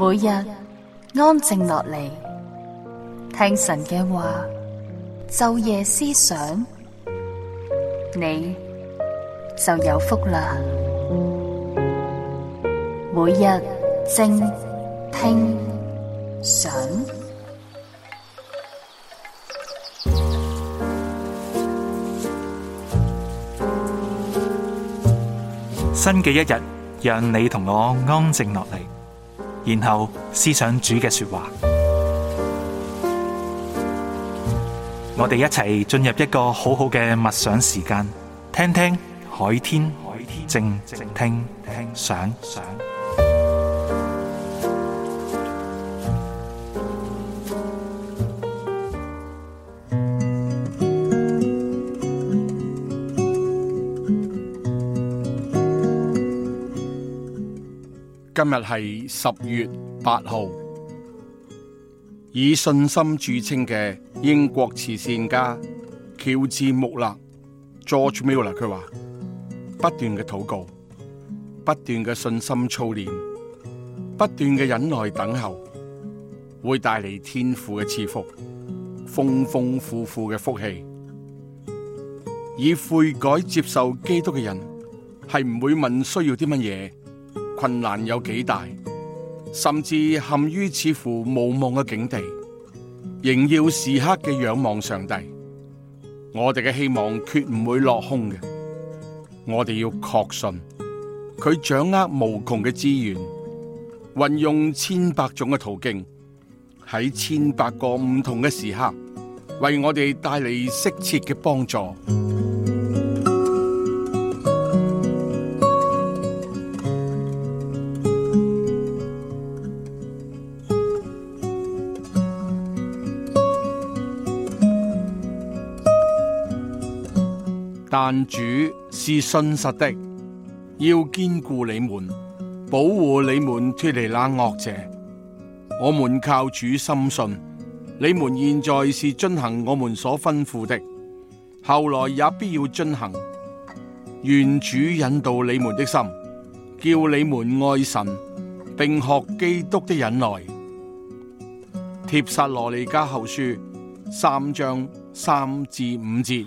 每日安靜落嚟，聽神嘅話，晝夜思想，你就有福啦。每日靜聽想，新嘅一日，讓你同我安靜落嚟。然後思想主嘅說話，我哋一齊進入一個好好嘅默想時間，聽聽海天，靜靜聽想。今日係十月八號，以信心著稱嘅英國慈善家喬治穆勒 （George Muller） 佢話：不斷嘅禱告，不斷嘅信心操練，不斷嘅忍耐等候，會帶嚟天父嘅賜福，豐豐富富嘅福氣。以悔改接受基督嘅人，係唔會問需要啲乜嘢。困難有幾大，甚至陷於似乎無望嘅境地，仍要時刻嘅仰望上帝。我哋嘅希望決唔會落空嘅。我哋要確信佢掌握無窮嘅資源，運用千百種嘅途徑，喺千百個唔同嘅時刻，為我哋帶嚟適切嘅幫助。但主是信實的，要堅固你們，保護你們脫離那惡者。我們靠主深信，你們現在是遵行我們所吩咐的，後來也必要遵行。願主引導你們的心，叫你們愛神，並學基督的忍耐。帖撒羅尼迦後書三章三至五節。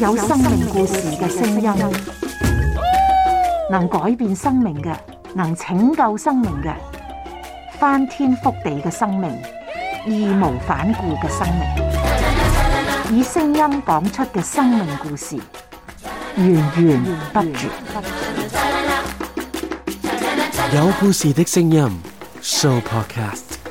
有生命故事嘅聲音，能改變生命嘅，能拯救生命嘅，翻天覆地嘅生命，義無反顧嘅生命，以聲音講出嘅生命故事，源源不絕。有故事的聲音，Sooo Podcast。